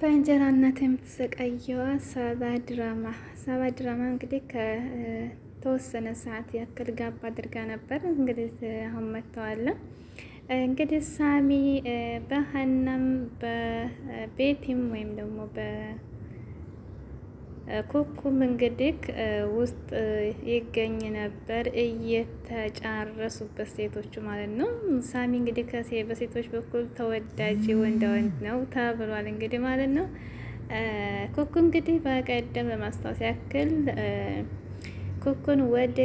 በእንጀራነት የምትሰቃየዋ ሳባ ድራማ። ሳባ ድራማ እንግዲህ ከተወሰነ ሰዓት ያክል ጋብ አድርጋ ነበር። እንግዲህ አሁን መጥተዋለ። እንግዲህ ሳሚ በሀናም በቤቲም ወይም ደግሞ ኩኩም እንግዲህ ውስጥ ይገኝ ነበር እየተጫረሱበት ሴቶቹ ማለት ነው። ሳሚ እንግዲህ ከሴ በሴቶች በኩል ተወዳጅ ወንድ ወንድ ነው ተብሏል እንግዲህ ማለት ነው። ኩኩ እንግዲህ በቀደም ለማስታወስ ያክል ኩኩን ወደ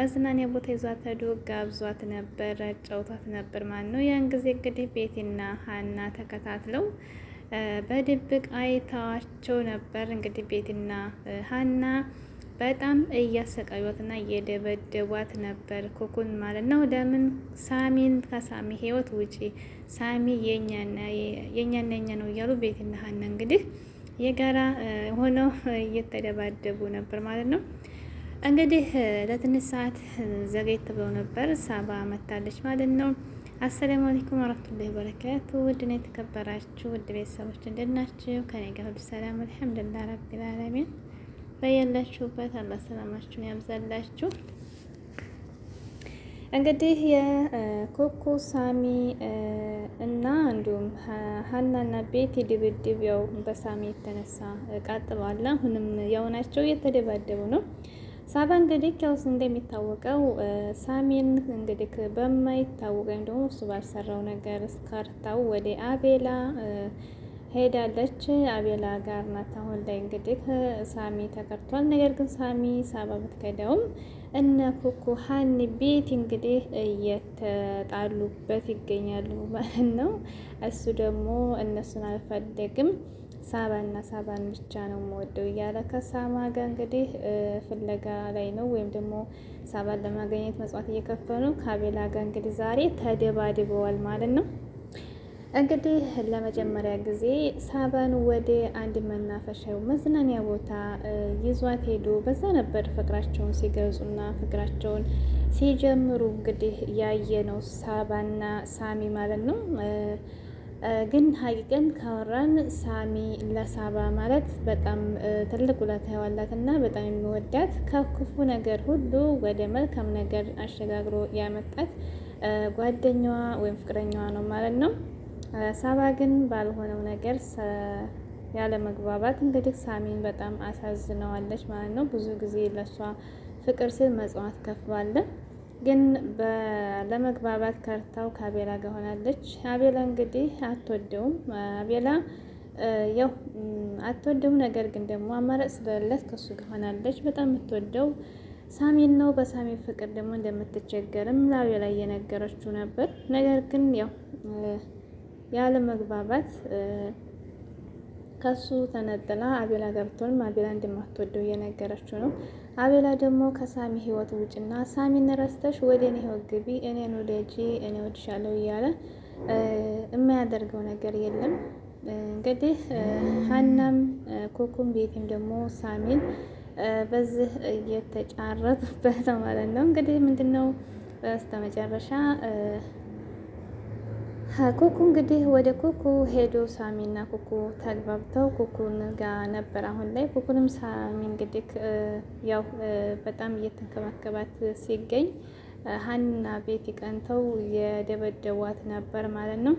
መዝናኛ ቦታ ይዟት ሄዶ ጋብዟት ነበር፣ ጫውቷት ነበር ማለት ነው። ያን ጊዜ እንግዲህ ቤቲና ሀና ተከታትለው በድብቅ አይታቸው ነበር። እንግዲህ ቤትና ሀና በጣም እያሰቃዩትና እየደበደቧት ነበር፣ ኩኩን ማለት ነው። ለምን ሳሚን ከሳሚ ህይወት ውጪ ሳሚ የኛና የኛ ነው እያሉ ቤትና ሀና እንግዲህ የጋራ ሆነው እየተደባደቡ ነበር ማለት ነው። እንግዲህ ለትንሽ ሰዓት ዘገይት ብለው ነበር። ሳባ መታለች ማለት ነው። አሰላሙ አለይኩም ወራህመቱላሂ ወበረካቱ ውድና የተከበራችሁ ውድ ቤተሰቦች እንደት ናችሁ? ከኔ ጋር ሁሉ ሰላም አልሐምዱሊላህ ረቢል ዓለሚን። በያላችሁበት አላህ ሰላማችሁን ያብዛላችሁ። እንግዲህ የኮኮ ሳሚ እና እንዲሁም ሀናና ቤቲ ድብድብ ያው በሳሚ የተነሳ ቀጥሏል። አሁንም ያው ናቸው እየተደባደቡ ነው ሳባ እንግዲህ ከውስ እንደሚታወቀው ሳሚን እንግዲህ በማይታወቅ ወይም ደግሞ እሱ ባልሰራው ነገር ስካርታው ወደ አቤላ ሄዳለች። አቤላ ጋር ናት አሁን ላይ እንግዲህ ሳሚ ተቀርቷል። ነገር ግን ሳሚ ሳባ ብትከደውም እነ ኩኩ ሀኒ ቤት እንግዲህ እየተጣሉበት ይገኛሉ ማለት ነው። እሱ ደግሞ እነሱን አልፈለግም ሳባና ሳባን ብቻ ነው የምወደው እያለ ከሳማ ጋር እንግዲህ ፍለጋ ላይ ነው፣ ወይም ደግሞ ሳባን ለማገኘት መጽዋት እየከፈሉ ከአቤላ ጋር እንግዲህ ዛሬ ተደባድበዋል ማለት ነው። እንግዲህ ለመጀመሪያ ጊዜ ሳባን ወደ አንድ መናፈሻው መዝናኛ ቦታ ይዟት ሄዶ በዛ ነበር ፍቅራቸውን ሲገልጹና ፍቅራቸውን ሲጀምሩ እንግዲህ ያየ ነው ሳባና ሳሚ ማለት ነው። ግን ሀቂቅን ካወራን ሳሚ ለሳባ ማለት በጣም ትልቅ ውለታ ያዋላት እና በጣም የሚወዳት ከክፉ ነገር ሁሉ ወደ መልካም ነገር አሸጋግሮ ያመጣት ጓደኛዋ ወይም ፍቅረኛዋ ነው ማለት ነው። ሳባ ግን ባልሆነው ነገር ያለ መግባባት እንግዲህ ሳሚን በጣም አሳዝነዋለች ማለት ነው። ብዙ ጊዜ ለሷ ፍቅር ሲል መጽዋት ከፍሏለን። ግን ለመግባባት ከርታው ከአቤላ ጋር ሆናለች። አቤላ እንግዲህ አትወደውም። አቤላ ያው አትወደውም፣ ነገር ግን ደግሞ አማራጭ ስለሌላት ከሱ ጋር ሆናለች። በጣም የምትወደው ሳሚን ነው። በሳሚ ፍቅር ደግሞ እንደምትቸገርም ለአቤላ እየነገረችው ነበር። ነገር ግን ያው ያለ መግባባት ከሱ ተነጥላ አቤላ ገብቷልም አቤላ እንደማትወደው እየነገረችው ነው። አቤላ ደግሞ ከሳሚ ህይወት ውጭና ሳሚን ረስተሽ ወደ እኔ ህይወት ግቢ፣ እኔን ወደጂ፣ እኔ ወድሻለሁ እያለ የማያደርገው ነገር የለም። እንግዲህ ሀናም ኮኩም ቤትም ደግሞ ሳሚን በዚህ እየተጫረቱበት ማለት ነው። እንግዲህ ምንድን ነው በስተመጨረሻ ኩኩ እንግዲህ ወደ ኩኩ ሄዶ ሳሚና ኩኩ ተግባብተው ኩኩን ጋ ነበር። አሁን ላይ ኩኩንም ሳሚ እንግዲህ ያው በጣም እየተንከባከባት ሲገኝ ሀና ቤት ይቀንተው የደበደቧት ነበር ማለት ነው።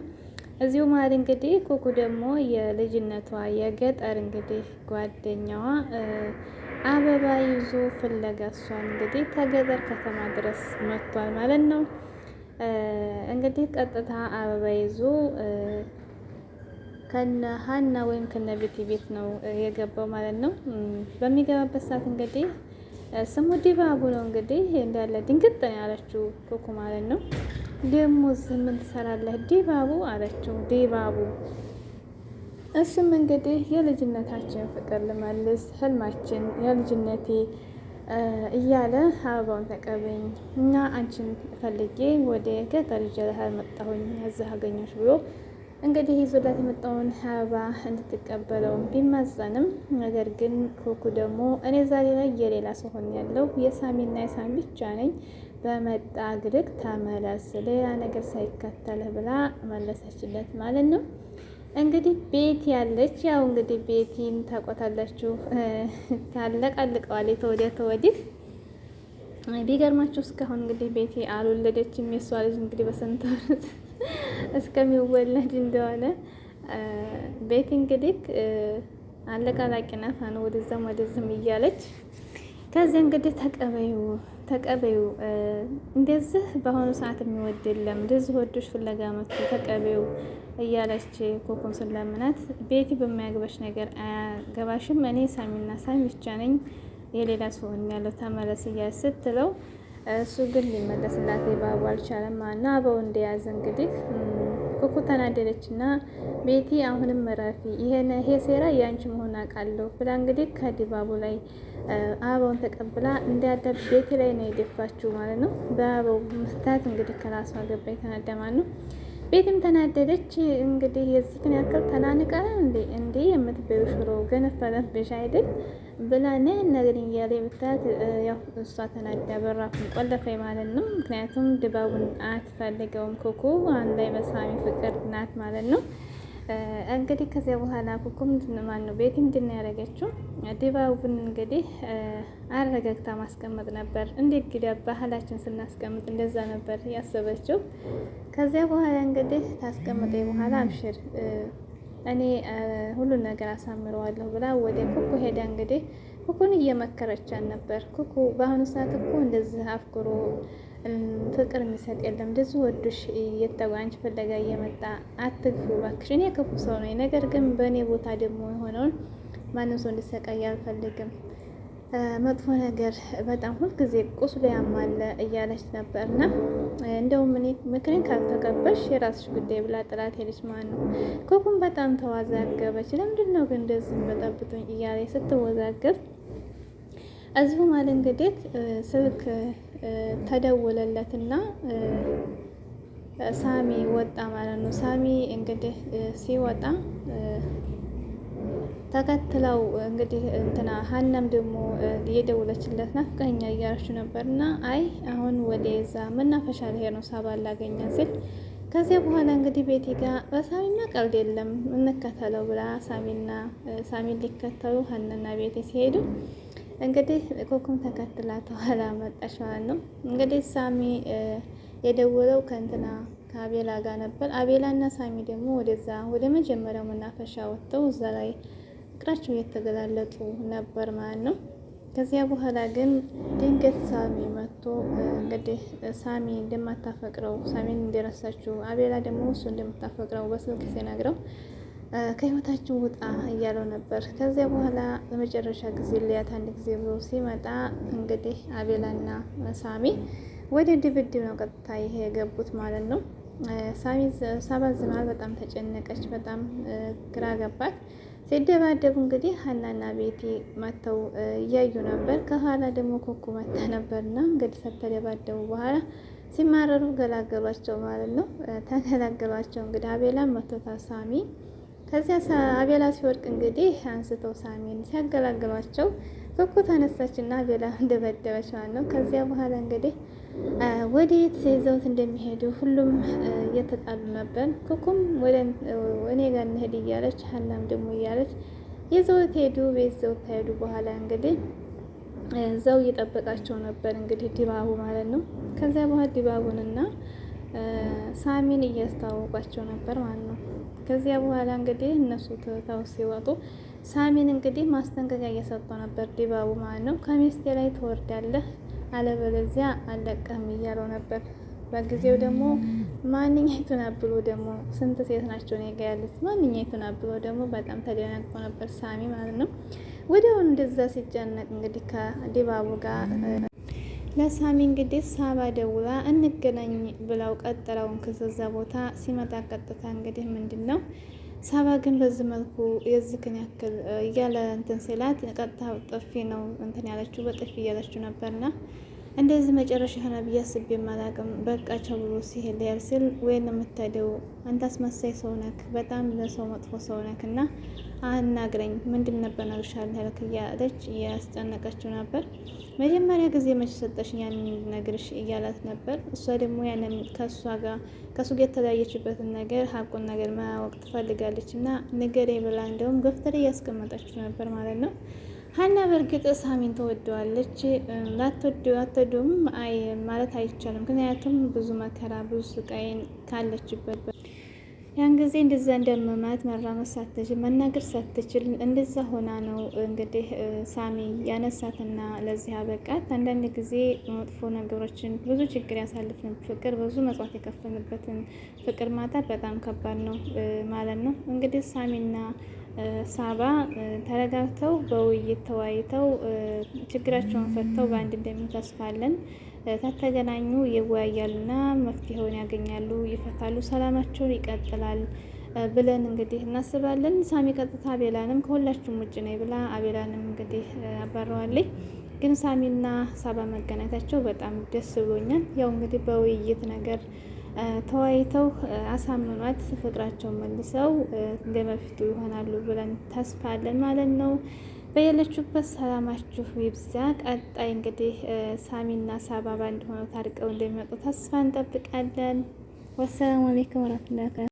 እዚሁ ማለት እንግዲህ ኩኩ ደግሞ የልጅነቷ የገጠር እንግዲህ ጓደኛዋ አበባ ይዞ ፍለጋ እሷን እንግዲህ ከገጠር ከተማ ድረስ መጥቷል ማለት ነው። እንግዲህ ቀጥታ አበባ ይዞ ከነ ሀና ወይም ከነ ቤቲ ቤት ነው የገባው ማለት ነው። በሚገባበት ሰዓት እንግዲህ ስሙ ዲባቡ ነው እንግዲህ እንዳለ ድንግጥ ነው ያለችው ኩኩ ማለት ነው። ደግሞ እዚህ ምን ትሰራለህ ዲባቡ አለችው። ዲባቡ እሱም እንግዲህ የልጅነታችን ፍቅር ልመልስ ህልማችን የልጅነቴ እያለ አበባውን ተቀበኝ እና አንቺን ፈልጌ ወደ ገጠር ይዤልሻለሁ መጣሁኝ እዚህ አገኘሁሽ ብሎ እንግዲህ ይዞላት የመጣውን አበባ እንድትቀበለው ቢማጸንም፣ ነገር ግን ኮኩ ደግሞ እኔ ዛሬ ላይ የሌላ ሰው ሆኜ ያለው የሳሚና የሳሚ ብቻ ነኝ በመጣ ግርግ ተመለስ፣ ሌላ ነገር ሳይከተልህ ብላ መለሰችለት ማለት ነው። እንግዲህ ቤቲ ያለች ያው እንግዲህ ቤቲን ታቆታላችሁ ታለቃልቀዋል የተወዲያ ተወዲህ ቢገርማችሁ እስካሁን እንግዲህ ቤቲ አልወለደችም። የእሷ ልጅ እንግዲህ በስንት ወር እስከሚወለድ እንደሆነ ቤቲ እንግዲህ አለቃላቂ ናት ነው ወደዛም ወደዝም እያለች ከዚህ እንግዲህ ተቀበዩ ተቀበዩ እንደዚህ በአሁኑ ሰዓት የሚወድ የለም እንደዚህ ወዶች ፍለጋ መጥቶ ተቀበዩ እያለች ኮኮን ስለምናት ቤቲ በማያግባሽ ነገር አያገባሽም፣ እኔ ሳሚና ሳሚ ብቻ ነኝ፣ የሌላ ሰውን ያለው ተመለስ እያ ስትለው እሱ ግን ሊመለስላት የባቡ አልቻለም እና አበው እንደያዘ እንግዲህ ኮኮ ተናደደች እና ቤቲ አሁንም እረፊ፣ ይሄ ሴራ የአንቺ መሆን አውቃለሁ ብላ እንግዲህ ከዲባቡ ላይ አበውን ተቀብላ እንዳለ ቤቲ ላይ ነው የደፋችው ማለት ነው። በአበው መስታት እንግዲህ ከራሷ ገባ የተናደማ ነው። ቤትም ተናደደች። እንግዲህ የዚህን ያክል ተናንቀህ እንዴ እንዴ የምትበዩ ሽሮ ገነፈለት ብሽ አይደል ብላ ነን ነገር እያለ ብታት ያው እሷ ተናዳ በራፉን ቆለፈ ማለት ነው። ምክንያቱም ድባቡን አትፈልገውም። ኮኮ አንድ ላይ መሳሚ ፍቅር ናት ማለት ነው። እንግዲህ ከዚያ በኋላ ኩኩ ምንድን ማን ነው ቤቲ ምንድን ነው ያደረገችው? ድባቡን እንግዲህ አረጋግታ ማስቀመጥ ነበር። እንዴት ግዳ ባህላችን ስናስቀምጥ እንደዛ ነበር ያሰበችው። ከዚያ በኋላ እንግዲህ ታስቀምጠ በኋላ አብሽር እኔ ሁሉን ነገር አሳምረዋለሁ ብላ ወደ ኩኩ ሄዳ እንግዲህ ኩኩን እየመከረቻን ነበር። ኩኩ በአሁኑ ሰዓት እኮ እንደዚህ አፍቅሮ ፍቅር የሚሰጥ የለም። ደዙ ወዶሽ የተጓንች ፍለጋ እየመጣ አትግፉ እባክሽ። እኔ ክፉ ሰው ነኝ፣ ነገር ግን በእኔ ቦታ ደግሞ የሆነውን ማንም ሰው እንዲሰቃይ አልፈልግም። መጥፎ ነገር በጣም ሁልጊዜ ቁስሉ ያማለ እያለች ነበር ነበርና እንደውም እኔ ምክሬን ካልተቀበሽ የራስሽ ጉዳይ ብላ ጥላት ሄደች። ማን ነው ኮኩም በጣም ተዋዛገበች። ለምንድን ነው ግን እንደዚህ በጠብጡኝ እያለ ስትወዛገብ እዚሁ ማለት እንግዲህ ስልክ ተደወለለት እና ሳሚ ወጣ ማለት ነው። ሳሚ እንግዲህ ሲወጣ ተከትለው እንግዲህ እንትና ሀናም ደግሞ እየደወለችለት ናፍቀኛ ፍቅረኛ ነበር ነበርና አይ አሁን ወደ ዛ መናፈሻ ልሄድ ነው ሳባ ላገኛ ሲል ከዚያ በኋላ እንግዲህ ቤቴ ጋር በሳሚና ቀልድ የለም እንከተለው ብላ ሳሚና ሳሚን ሊከተሉ ሀናና ቤቴ ሲሄዱ እንግዲህ ኮኩም ተከትላ ተኋላ መጣች ማለት ነው። እንግዲህ ሳሚ የደወለው ከእንትና ከአቤላ ጋር ነበር። አቤላ እና ሳሚ ደግሞ ወደዛ ወደ መጀመሪያው መናፈሻ ወጥተው እዛ ላይ ፍቅራቸው እየተገላለጡ ነበር ማለት ነው። ከዚያ በኋላ ግን ድንገት ሳሚ መጥቶ እንግዲህ ሳሚ እንደማታፈቅረው ሳሚን እንደረሳችው አቤላ ደግሞ እሱ እንደምታፈቅረው በስልክ ሲነግረው ከህይወታችሁ ውጣ እያለው ነበር። ከዚያ በኋላ ለመጨረሻ ጊዜ ሊያት አንድ ጊዜ ብሎ ሲመጣ እንግዲህ አቤላና ሳሚ ወደ ድብድብ ነው ቀጥታ ይሄ የገቡት ማለት ነው። ሳሚ ሳባዝማል በጣም ተጨነቀች፣ በጣም ግራ ገባት። ሲደባደቡ እንግዲህ ሀናና ቤቲ መጥተው እያዩ ነበር። ከኋላ ደግሞ ኮኩ መታ ነበርና እንግዲህ ከተደባደቡ በኋላ ሲማረሩ ገላገሏቸው ማለት ነው። ተገላገሏቸው እንግዲህ አቤላን መቶታ ሳሚ ከዚያ አቤላ ሲወድቅ እንግዲህ አንስተው ሳሚን ሲያገላግሏቸው እኮ ተነሳች እና አቤላ እንደበደበች ማለት ነው። ከዚያ በኋላ እንግዲህ ወዴት ይዘውት እንደሚሄዱ ሁሉም እየተጣሉ ነበር። ኩኩም ወደ እኔ ጋር እንሄድ እያለች ሀናም ደግሞ እያለች ይዘውት ሄዱ። ቤት ዘውት ከሄዱ በኋላ እንግዲህ እዛው እየጠበቃቸው ነበር እንግዲህ ዲባቡ ማለት ነው። ከዚያ በኋላ ዲባቡንና ሳሚን እያስተዋወቋቸው ነበር ማለት ነው። ከዚያ በኋላ እንግዲህ እነሱ ትተው ሲወጡ ሳሚን እንግዲህ ማስጠንቀቂያ እየሰጠው ነበር፣ ዲባቡ ማለት ነው። ከሚስቴ ላይ ትወርዳለህ፣ አለበለዚያ አለቀህም እያለው ነበር። በጊዜው ደግሞ ማንኛይቱን አብሎ ደግሞ ስንት ሴት ናቸው ኔጋ ያሉት፣ ማንኛይቱን አብሎ ደግሞ በጣም ተደናግጦ ነበር ሳሚ ማለት ነው። ወዲያውኑ እንደዛ ሲጨነቅ እንግዲህ ከዲባቡ ጋር ለሳሚ እንግዲህ ሳባ ደውላ እንገናኝ ብለው ቀጠረውን ከዛ ቦታ ሲመጣ ቀጥታ እንግዲህ ምንድን ነው ሳባ ግን በዚህ መልኩ የዚህን ያክል እያለ እንትን ሲላት ቀጥታ ጥፊ ነው እንትን ያለችው በጥፊ እያለችው ነበርና እንደዚህ መጨረሻ ሆና ብዬ አስቤ የማላቅም በቃቸው ብሎ ሲሄድ ሊያል ስል ወይን የምታደው አንተ አስመሳይ ሰው ነክ፣ በጣም ለሰው መጥፎ ሰው ነክ እና አናግረኝ ምንድን ነበር እነግርሻለሁ ያልክ እያለች እያስጨነቀችው ነበር። መጀመሪያ ጊዜ መች ሰጠሽ ያንን እንድነግርሽ እያላት ነበር። እሷ ደግሞ ያንን ከእሷ ጋር ከእሱ ጋር የተለያየችበትን ነገር ሀቁን ነገር ማወቅ ትፈልጋለች እና ንገሬ ብላ እንደውም ገፍተሬ እያስቀመጠችው ነበር ማለት ነው። ሀና በእርግጥ ሳሚን ትወደዋለች። አትወደውም ማለት አይቻልም። ምክንያቱም ብዙ መከራ ብዙ ስቃይን ካለችበት ያን ጊዜ እንደዛ እንደመማት መራመድ ሳትችል መናገር ሳትችል እንደዛ ሆና ነው እንግዲህ ሳሚ ያነሳትና ለዚህ አበቃት። አንዳንድ ጊዜ መጥፎ ነገሮችን ብዙ ችግር ያሳልፍን ፍቅር ብዙ መጽዋት የከፈንበትን ፍቅር ማጣት በጣም ከባድ ነው ማለት ነው እንግዲህ ሳሚና ሳባ ተረጋግተው በውይይት ተወያይተው ችግራቸውን ፈተው በአንድ እንደሚሆን ተስፋ አለን። ከተገናኙ ይወያያሉና መፍትሄውን ያገኛሉ፣ ይፈታሉ፣ ሰላማቸውን ይቀጥላል ብለን እንግዲህ እናስባለን። ሳሚ ቀጥታ አቤላንም ከሁላችሁም ውጭ ነኝ ብላ አቤላንም እንግዲህ አባረዋለኝ። ግን ሳሚና ሳባ መገናኘታቸው በጣም ደስ ብሎኛል። ያው እንግዲህ በውይይት ነገር ተወያይተው አሳምኗት ፍቅራቸውን መልሰው እንደ ይሆናሉ ብለን ተስፋ አለን ማለት ነው። በየለችሁበት ሰላማችሁ ይብዛ። ቀጣይ እንግዲህ ሳሚና ሳባባ እንደሆነ ታርቀው እንደሚመጡ ተስፋ እንጠብቃለን። ወሰላሙ አሌይኩም ወረህመቱላሂ